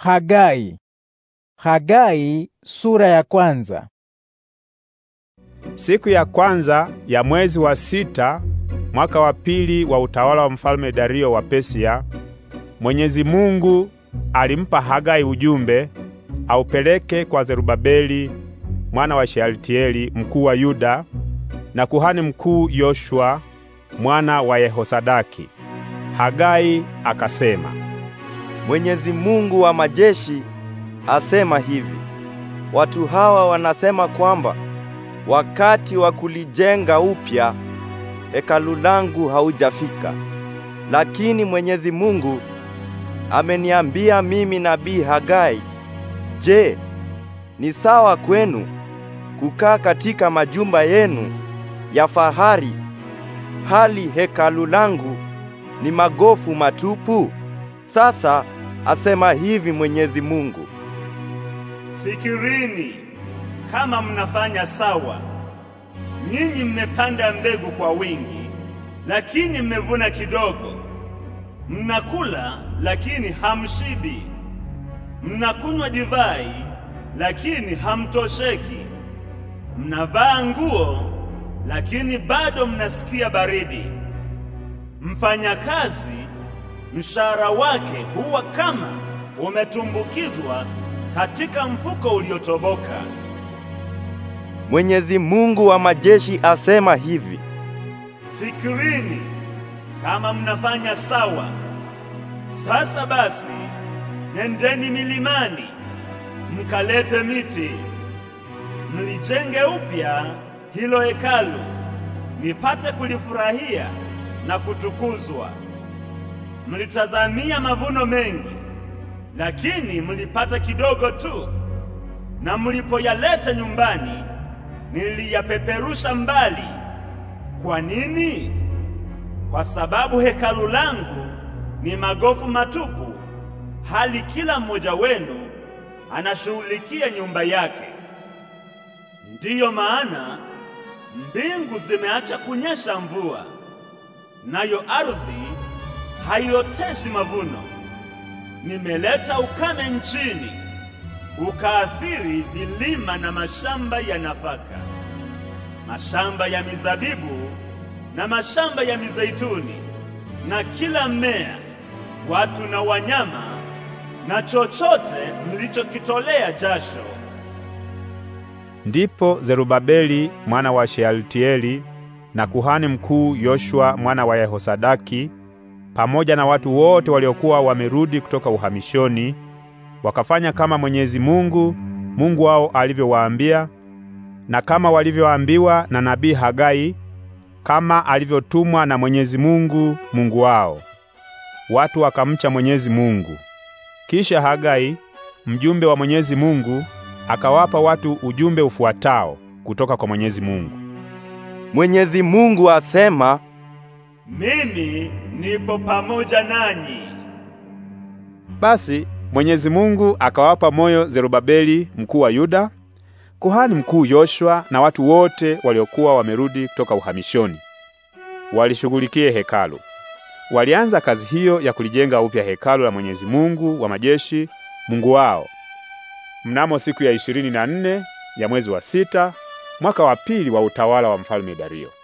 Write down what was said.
Hagai. Hagai sura ya kwanza. Siku ya kwanza ya mwezi wa sita mwaka wa pili wa utawala wa mfalme Dario wa Persia, Mwenyezi Mungu alimpa Hagai ujumbe aupeleke kwa Zerubabeli mwana wa Shealtieli mkuu wa Yuda na kuhani mkuu Yoshua mwana wa Yehosadaki. Hagai akasema: Mwenyezi Mungu wa majeshi asema hivi: watu hawa wanasema kwamba wakati wa kulijenga upya hekalu langu haujafika, lakini Mwenyezi Mungu ameniambia mimi nabii Hagai, je, ni sawa kwenu kukaa katika majumba yenu ya fahari hali hekalu langu ni magofu matupu? Sasa asema hivi Mwenyezi Mungu, fikirini kama mnafanya sawa. Nyinyi mmepanda mbegu kwa wingi, lakini mmevuna kidogo. Mnakula lakini hamshibi, mnakunywa divai lakini hamtosheki, mnavaa nguo lakini bado mnasikia baridi. Mfanyakazi mshahara wake huwa kama umetumbukizwa katika mfuko uliotoboka. Mwenyezi Mungu wa majeshi asema hivi: Fikirini kama mnafanya sawa. Sasa basi, nendeni milimani mkalete miti, mlijenge upya hilo hekalu, nipate kulifurahia na kutukuzwa mlitazamia mavuno mengi, lakini mlipata kidogo tu, na mlipoyaleta nyumbani niliyapeperusha mbali. Kwa nini? Kwa sababu hekalu langu ni magofu matupu, hali kila mmoja wenu anashughulikia nyumba yake. Ndiyo maana mbingu zimeacha kunyesha mvua, nayo ardhi haioteshi mavuno. Nimeleta ukame nchini, ukaathiri vilima na mashamba ya nafaka, mashamba ya mizabibu na mashamba ya mizeituni, na kila mmea, watu na wanyama, na chochote mlichokitolea jasho. Ndipo Zerubabeli mwana wa Shealtieli na kuhani mkuu Yoshua mwana wa Yehosadaki pamoja na watu wote waliokuwa wamerudi kutoka uhamishoni, wakafanya kama Mwenyezi Mungu Mungu wao alivyowaambia na kama walivyoambiwa na nabii Hagai, kama alivyotumwa na Mwenyezi Mungu Mungu wao. Watu wakamcha Mwenyezi Mungu. Kisha Hagai mjumbe wa Mwenyezi Mungu akawapa watu ujumbe ufuatao kutoka kwa Mwenyezi Mungu. Mwenyezi Mungu asema mimi nipo pamoja nanyi. Basi Mwenyezi Mungu akawapa moyo Zerubabeli mkuu wa Yuda, kuhani mkuu Yoshua na watu wote waliokuwa wamerudi kutoka uhamishoni. Walishughulikie hekalu. Walianza kazi hiyo ya kulijenga upya hekalu la Mwenyezi Mungu wa majeshi, Mungu wao. Mnamo siku ya ishirini na nne ya mwezi wa sita mwaka wa pili wa utawala wa Mfalme Dario.